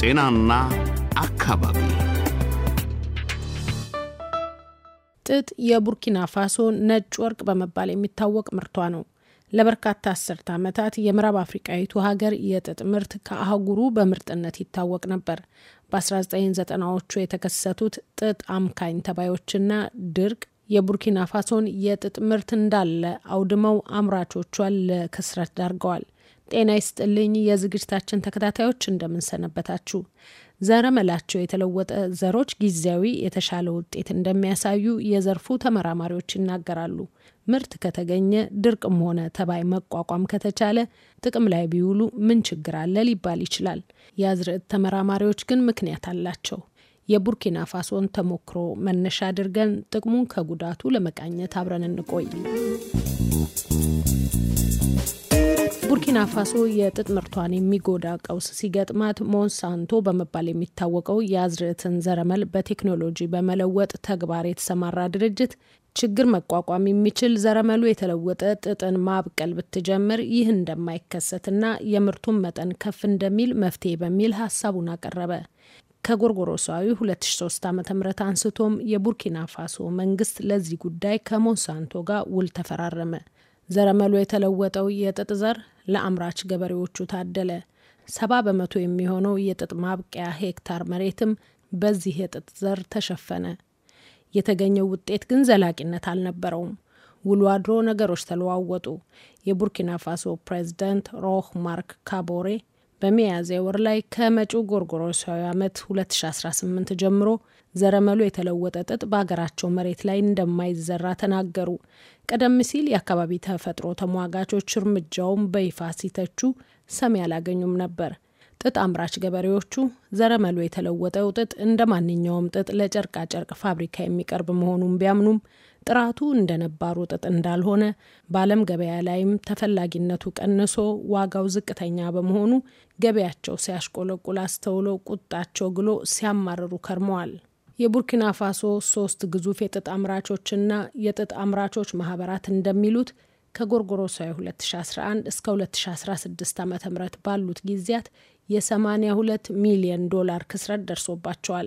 ጤናና አካባቢ ጥጥ የቡርኪና ፋሶ ነጭ ወርቅ በመባል የሚታወቅ ምርቷ ነው። ለበርካታ አስርት ዓመታት የምዕራብ አፍሪቃዊቱ ሀገር የጥጥ ምርት ከአህጉሩ በምርጥነት ይታወቅ ነበር። በ1990ዎቹ የተከሰቱት ጥጥ አምካኝ ተባዮችና ድርቅ የቡርኪና ፋሶን የጥጥ ምርት እንዳለ አውድመው አምራቾቿን ለክስረት ዳርገዋል። ጤና ይስጥልኝ የዝግጅታችን ተከታታዮች እንደምንሰነበታችሁ። ዘረመላቸው የተለወጠ ዘሮች ጊዜያዊ የተሻለ ውጤት እንደሚያሳዩ የዘርፉ ተመራማሪዎች ይናገራሉ። ምርት ከተገኘ ድርቅም ሆነ ተባይ መቋቋም ከተቻለ ጥቅም ላይ ቢውሉ ምን ችግር አለ ሊባል ይችላል። የአዝርዕት ተመራማሪዎች ግን ምክንያት አላቸው። የቡርኪና ፋሶን ተሞክሮ መነሻ አድርገን ጥቅሙን ከጉዳቱ ለመቃኘት አብረን እንቆይ። ቡርኪና ፋሶ የጥጥ ምርቷን የሚጎዳ ቀውስ ሲገጥማት ሞንሳንቶ በመባል የሚታወቀው የአዝርዕትን ዘረመል በቴክኖሎጂ በመለወጥ ተግባር የተሰማራ ድርጅት ችግር መቋቋም የሚችል ዘረመሉ የተለወጠ ጥጥን ማብቀል ብትጀምር ይህ እንደማይከሰትና የምርቱን መጠን ከፍ እንደሚል መፍትሄ በሚል ሀሳቡን አቀረበ። ከጎርጎሮሳዊ 2003 ዓ ም አንስቶም የቡርኪና ፋሶ መንግስት ለዚህ ጉዳይ ከሞንሳንቶ ጋር ውል ተፈራረመ። ዘረመሉ የተለወጠው የጥጥ ዘር ለአምራች ገበሬዎቹ ታደለ። ሰባ በመቶ የሚሆነው የጥጥ ማብቂያ ሄክታር መሬትም በዚህ የጥጥ ዘር ተሸፈነ። የተገኘው ውጤት ግን ዘላቂነት አልነበረውም። ውሎ አድሮ ነገሮች ተለዋወጡ። የቡርኪና ፋሶ ፕሬዝዳንት ሮህ ማርክ ካቦሬ በሚያዝያ ወር ላይ ከመጪው ጎርጎሮሳዊ ዓመት 2018 ጀምሮ ዘረመሉ የተለወጠ ጥጥ በሀገራቸው መሬት ላይ እንደማይዘራ ተናገሩ። ቀደም ሲል የአካባቢ ተፈጥሮ ተሟጋቾች እርምጃውን በይፋ ሲተቹ ሰሚ አላገኙም ነበር። ጥጥ አምራች ገበሬዎቹ ዘረመሉ የተለወጠው ጥጥ እንደ ማንኛውም ጥጥ ለጨርቃጨርቅ ፋብሪካ የሚቀርብ መሆኑን ቢያምኑም ጥራቱ እንደ ነባሩ ጥጥ እንዳልሆነ፣ በዓለም ገበያ ላይም ተፈላጊነቱ ቀንሶ ዋጋው ዝቅተኛ በመሆኑ ገበያቸው ሲያሽቆለቁል አስተውለው ቁጣቸው ግሎ ሲያማርሩ ከርመዋል። የቡርኪና ፋሶ ሶስት ግዙፍ የጥጥ አምራቾችና የጥጥ አምራቾች ማህበራት እንደሚሉት ከጎርጎሮሳዊ 2011 እስከ 2016 ዓ ም ባሉት ጊዜያት የ82 ሚሊዮን ዶላር ክስረት ደርሶባቸዋል።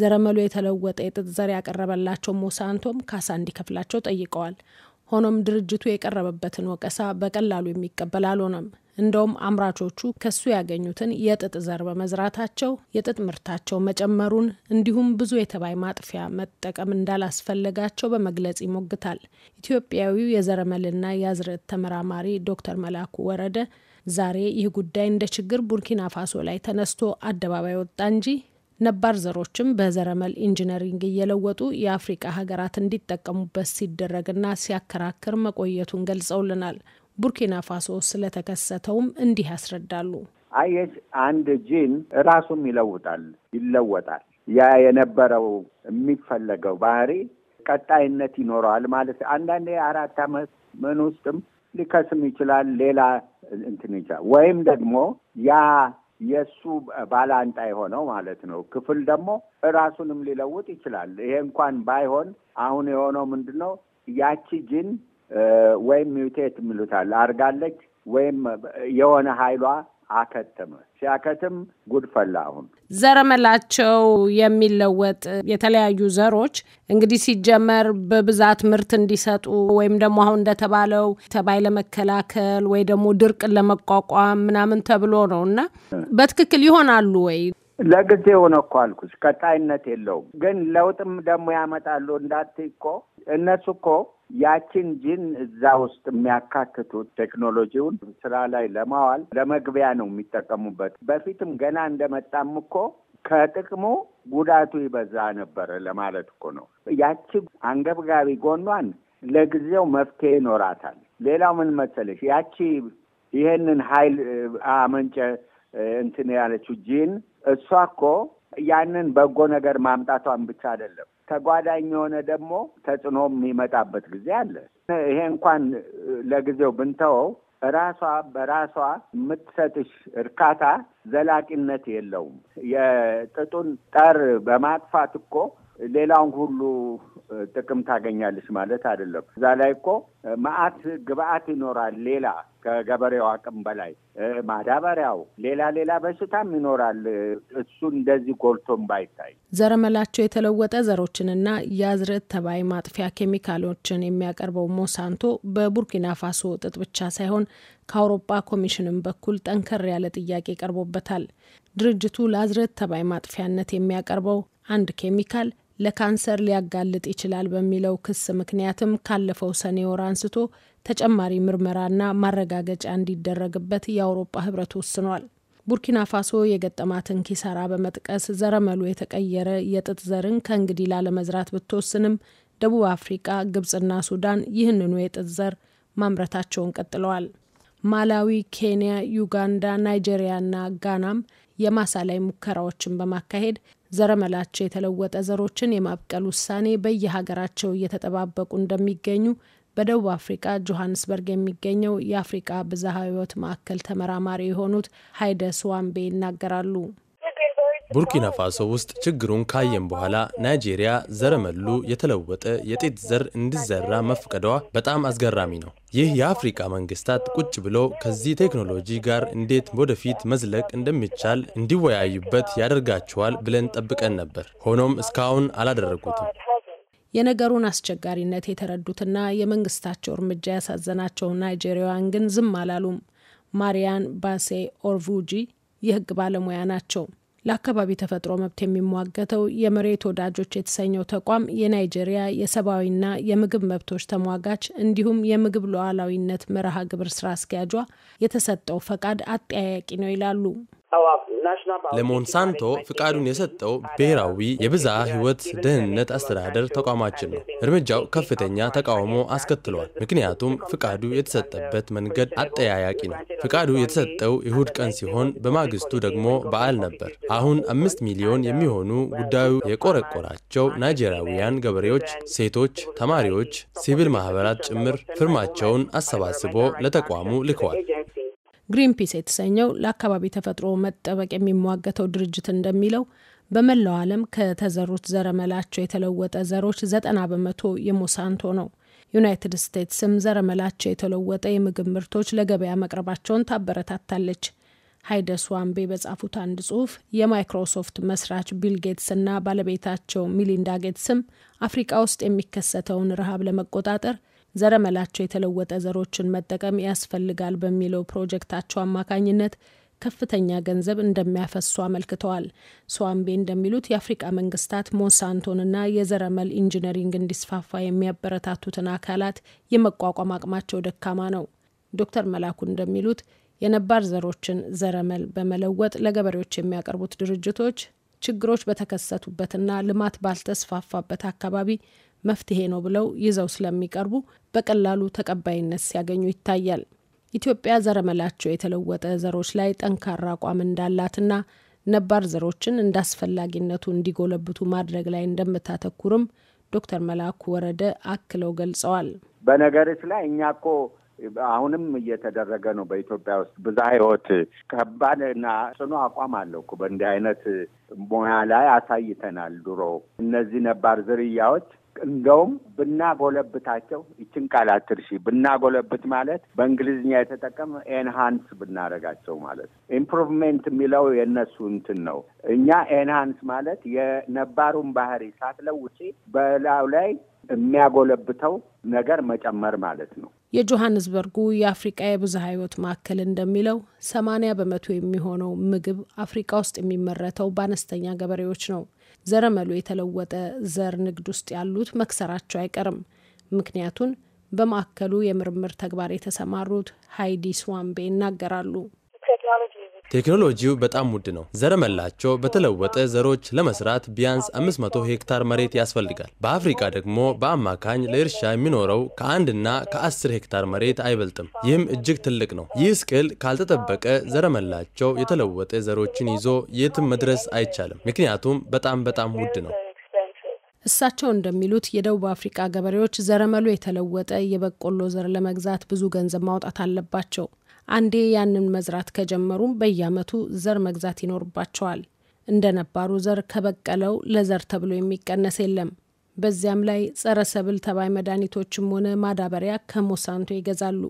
ዘረመሉ የተለወጠ የጥጥ ዘር ያቀረበላቸው ሞሳንቶም ካሳ እንዲከፍላቸው ጠይቀዋል። ሆኖም ድርጅቱ የቀረበበትን ወቀሳ በቀላሉ የሚቀበል አልሆነም። እንደውም አምራቾቹ ከሱ ያገኙትን የጥጥ ዘር በመዝራታቸው የጥጥ ምርታቸው መጨመሩን እንዲሁም ብዙ የተባይ ማጥፊያ መጠቀም እንዳላስፈለጋቸው በመግለጽ ይሞግታል። ኢትዮጵያዊው የዘረመልና የአዝርዕት ተመራማሪ ዶክተር መላኩ ወረደ ዛሬ ይህ ጉዳይ እንደ ችግር ቡርኪና ፋሶ ላይ ተነስቶ አደባባይ ወጣ እንጂ ነባር ዘሮችም በዘረመል ኢንጂነሪንግ እየለወጡ የአፍሪቃ ሀገራት እንዲጠቀሙበት ሲደረግና ሲያከራክር መቆየቱን ገልጸውልናል። ቡርኪና ፋሶ ስለተከሰተውም እንዲህ ያስረዳሉ። አየሽ አንድ ጂን ራሱም ይለውጣል ይለወጣል። ያ የነበረው የሚፈለገው ባህሪ ቀጣይነት ይኖረዋል ማለት አንዳንዴ አራት አመት ምን ውስጥም ሊከስም ይችላል። ሌላ እንትን ይችላል። ወይም ደግሞ ያ የእሱ ባላንጣ የሆነው ማለት ነው ክፍል ደግሞ እራሱንም ሊለውጥ ይችላል። ይሄ እንኳን ባይሆን አሁን የሆነው ምንድን ነው? ያቺ ጅን ወይም ሚውቴት የሚሉታል አርጋለች ወይም የሆነ ሀይሏ አከተመ። ሲያከትም ጉድ ፈላ። አሁን ዘረመላቸው የሚለወጥ የተለያዩ ዘሮች እንግዲህ ሲጀመር በብዛት ምርት እንዲሰጡ ወይም ደግሞ አሁን እንደተባለው ተባይ ለመከላከል ወይ ደግሞ ድርቅን ለመቋቋም ምናምን ተብሎ ነው እና በትክክል ይሆናሉ ወይ? ለጊዜው ሆነ እኮ አልኩሽ፣ ቀጣይነት የለውም። ግን ለውጥም ደግሞ ያመጣሉ እንዳት እኮ እነሱ እኮ ያችን ጂን እዛ ውስጥ የሚያካትቱት ቴክኖሎጂውን ስራ ላይ ለማዋል ለመግቢያ ነው የሚጠቀሙበት። በፊትም ገና እንደመጣም እኮ ከጥቅሙ ጉዳቱ ይበዛ ነበረ ለማለት እኮ ነው። ያቺ አንገብጋቢ ጎኗን ለጊዜው መፍትሄ ይኖራታል። ሌላው ምን መሰለሽ፣ ያቺ ይሄንን ኃይል አመንጨ እንትን ያለችው ጂን እሷ እኮ ያንን በጎ ነገር ማምጣቷን ብቻ አይደለም ተጓዳኝ የሆነ ደግሞ ተጽዕኖ የሚመጣበት ጊዜ አለ። ይሄ እንኳን ለጊዜው ብንተወው ራሷ በራሷ የምትሰጥሽ እርካታ ዘላቂነት የለውም። የጥጡን ጠር በማጥፋት እኮ ሌላውን ሁሉ ጥቅም ታገኛለች ማለት አይደለም። እዛ ላይ እኮ መዓት ግብአት ይኖራል ሌላ ከገበሬው አቅም በላይ ማዳበሪያው፣ ሌላ ሌላ በሽታም ይኖራል። እሱ እንደዚህ ጎልቶም ባይታይ ዘረመላቸው የተለወጠ ዘሮችንና የአዝርዕት ተባይ ማጥፊያ ኬሚካሎችን የሚያቀርበው ሞሳንቶ በቡርኪና ፋሶ ጥጥ ብቻ ሳይሆን ከአውሮፓ ኮሚሽንም በኩል ጠንከር ያለ ጥያቄ ቀርቦበታል። ድርጅቱ ለአዝርዕት ተባይ ማጥፊያነት የሚያቀርበው አንድ ኬሚካል ለካንሰር ሊያጋልጥ ይችላል በሚለው ክስ ምክንያትም ካለፈው ሰኔ ወር አንስቶ ተጨማሪ ምርመራና ማረጋገጫ እንዲደረግበት የአውሮፓ ህብረት ወስኗል። ቡርኪና ፋሶ የገጠማትን ኪሳራ በመጥቀስ ዘረመሉ የተቀየረ የጥጥ ዘርን ከእንግዲህ ላለመዝራት ብትወስንም ደቡብ አፍሪቃ፣ ግብጽና ሱዳን ይህንኑ የጥጥ ዘር ማምረታቸውን ቀጥለዋል። ማላዊ፣ ኬንያ፣ ዩጋንዳ፣ ናይጄሪያና ጋናም የማሳ ላይ ሙከራዎችን በማካሄድ ዘረመላቸው የተለወጠ ዘሮችን የማብቀል ውሳኔ በየሀገራቸው እየተጠባበቁ እንደሚገኙ በደቡብ አፍሪቃ ጆሀንስበርግ የሚገኘው የአፍሪቃ ብዝሃ ህይወት ማዕከል ተመራማሪ የሆኑት ሀይደ ስዋምቤ ይናገራሉ። ቡርኪና ፋሶ ውስጥ ችግሩን ካየን በኋላ ናይጄሪያ ዘረመሉ የተለወጠ የጤት ዘር እንዲዘራ መፍቀዷ በጣም አስገራሚ ነው። ይህ የአፍሪካ መንግስታት ቁጭ ብሎ ከዚህ ቴክኖሎጂ ጋር እንዴት ወደፊት መዝለቅ እንደሚቻል እንዲወያዩበት ያደርጋቸዋል ብለን ጠብቀን ነበር። ሆኖም እስካሁን አላደረጉትም። የነገሩን አስቸጋሪነት የተረዱትና የመንግስታቸው እርምጃ ያሳዘናቸው ናይጄሪያውያን ግን ዝም አላሉም። ማሪያን ባሴ ኦርቩጂ የህግ ባለሙያ ናቸው። ለአካባቢ ተፈጥሮ መብት የሚሟገተው የመሬት ወዳጆች የተሰኘው ተቋም የናይጄሪያ የሰብአዊና የምግብ መብቶች ተሟጋች እንዲሁም የምግብ ሉዓላዊነት መርሃ ግብር ስራ አስኪያጇ የተሰጠው ፈቃድ አጠያያቂ ነው ይላሉ። ለሞንሳንቶ ፍቃዱን የሰጠው ብሔራዊ የብዝሃ ሕይወት ደህንነት አስተዳደር ተቋማችን ነው። እርምጃው ከፍተኛ ተቃውሞ አስከትሏል። ምክንያቱም ፍቃዱ የተሰጠበት መንገድ አጠያያቂ ነው። ፍቃዱ የተሰጠው እሁድ ቀን ሲሆን በማግስቱ ደግሞ በዓል ነበር። አሁን አምስት ሚሊዮን የሚሆኑ ጉዳዩ የቆረቆራቸው ናይጄሪያውያን ገበሬዎች፣ ሴቶች፣ ተማሪዎች፣ ሲቪል ማህበራት ጭምር ፊርማቸውን አሰባስቦ ለተቋሙ ልከዋል። ግሪንፒስ የተሰኘው ለአካባቢ ተፈጥሮ መጠበቅ የሚሟገተው ድርጅት እንደሚለው በመላው ዓለም ከተዘሩት ዘረመላቸው የተለወጠ ዘሮች ዘጠና በመቶ የሞሳንቶ ነው። ዩናይትድ ስቴትስም ዘረመላቸው የተለወጠ የምግብ ምርቶች ለገበያ መቅረባቸውን ታበረታታለች። ሃይደ ስዋምቤ በጻፉት አንድ ጽሁፍ የማይክሮሶፍት መስራች ቢል ጌትስና ባለቤታቸው ሚሊንዳ ጌትስም አፍሪቃ ውስጥ የሚከሰተውን ረሃብ ለመቆጣጠር ዘረመላቸው የተለወጠ ዘሮችን መጠቀም ያስፈልጋል በሚለው ፕሮጀክታቸው አማካኝነት ከፍተኛ ገንዘብ እንደሚያፈሱ አመልክተዋል። ሶዋምቤ እንደሚሉት የአፍሪቃ መንግስታት ሞንሳንቶንና የዘረመል ኢንጂነሪንግ እንዲስፋፋ የሚያበረታቱትን አካላት የመቋቋም አቅማቸው ደካማ ነው። ዶክተር መላኩ እንደሚሉት የነባር ዘሮችን ዘረመል በመለወጥ ለገበሬዎች የሚያቀርቡት ድርጅቶች ችግሮች በተከሰቱበትና ልማት ባልተስፋፋበት አካባቢ መፍትሄ ነው ብለው ይዘው ስለሚቀርቡ በቀላሉ ተቀባይነት ሲያገኙ ይታያል። ኢትዮጵያ ዘረመላቸው የተለወጠ ዘሮች ላይ ጠንካራ አቋም እንዳላትና ነባር ዘሮችን እንደ አስፈላጊነቱ እንዲጎለብቱ ማድረግ ላይ እንደምታተኩርም ዶክተር መላኩ ወረደ አክለው ገልጸዋል። በነገርስ ላይ እኛ እኮ አሁንም እየተደረገ ነው በኢትዮጵያ ውስጥ ብዝሃ ሕይወት ከባድ እና ጽኑ አቋም አለው እኮ በእንዲህ አይነት ሙያ ላይ አሳይተናል። ድሮ እነዚህ ነባር ዝርያዎች እንደውም ብናጎለብታቸው ይችን ቃል አትርሺ። ብናጎለብት ማለት በእንግሊዝኛ የተጠቀመ ኤንሃንስ ብናረጋቸው ማለት ኢምፕሩቭሜንት የሚለው የእነሱ እንትን ነው። እኛ ኤንሃንስ ማለት የነባሩን ባህሪ ሳትለውጪ በላዩ ላይ የሚያጎለብተው ነገር መጨመር ማለት ነው። የጆሃንስበርጉ የአፍሪቃ የብዝሃ ህይወት ማዕከል እንደሚለው ሰማንያ በመቶ የሚሆነው ምግብ አፍሪቃ ውስጥ የሚመረተው በአነስተኛ ገበሬዎች ነው። ዘረመሉ የተለወጠ ዘር ንግድ ውስጥ ያሉት መክሰራቸው አይቀርም። ምክንያቱን በማዕከሉ የምርምር ተግባር የተሰማሩት ሀይዲ ስዋምቤ ይናገራሉ። ቴክኖሎጂው በጣም ውድ ነው። ዘረመላቸው በተለወጠ ዘሮች ለመስራት ቢያንስ 500 ሄክታር መሬት ያስፈልጋል። በአፍሪካ ደግሞ በአማካኝ ለእርሻ የሚኖረው ከአንድና 10 ሄክታር መሬት አይበልጥም። ይህም እጅግ ትልቅ ነው። ይህ ስቅል ካልተጠበቀ ዘረመላቸው የተለወጠ ዘሮችን ይዞ የትም መድረስ አይቻልም፣ ምክንያቱም በጣም በጣም ውድ ነው። እሳቸው እንደሚሉት የደቡብ አፍሪካ ገበሬዎች ዘረመሉ የተለወጠ የበቆሎ ዘር ለመግዛት ብዙ ገንዘብ ማውጣት አለባቸው። አንዴ ያንን መዝራት ከጀመሩም በየአመቱ ዘር መግዛት ይኖርባቸዋል። እንደ ነባሩ ዘር ከበቀለው ለዘር ተብሎ የሚቀነስ የለም። በዚያም ላይ ጸረ ሰብል ተባይ መድኃኒቶችም ሆነ ማዳበሪያ ከሞሳንቶ ይገዛሉ።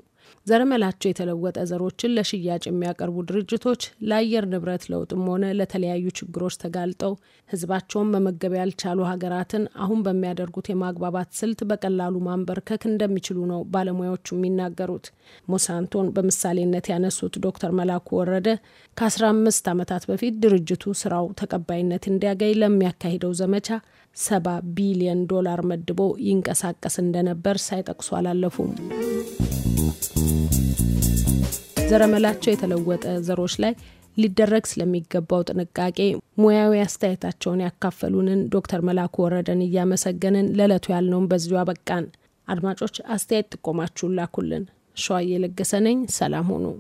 ዘረመላቸው የተለወጠ ዘሮችን ለሽያጭ የሚያቀርቡ ድርጅቶች ለአየር ንብረት ለውጥም ሆነ ለተለያዩ ችግሮች ተጋልጠው ሕዝባቸውን መመገብ ያልቻሉ ሀገራትን አሁን በሚያደርጉት የማግባባት ስልት በቀላሉ ማንበርከክ እንደሚችሉ ነው ባለሙያዎቹ የሚናገሩት። ሞሳንቶን በምሳሌነት ያነሱት ዶክተር መላኩ ወረደ ከ15 ዓመታት በፊት ድርጅቱ ስራው ተቀባይነት እንዲያገኝ ለሚያካሂደው ዘመቻ ሰባ ቢሊዮን ዶላር መድቦ ይንቀሳቀስ እንደነበር ሳይጠቅሱ አላለፉም። ዘረመላቸው የተለወጠ ዘሮች ላይ ሊደረግ ስለሚገባው ጥንቃቄ ሙያዊ አስተያየታቸውን ያካፈሉንን ዶክተር መላኩ ወረደን እያመሰገንን ለዕለቱ ያልነውን በዚሁ አበቃን። አድማጮች አስተያየት ጥቆማችሁን ላኩልን። ሸዋዬ ለገሰ ነኝ። ሰላም ሁኑ።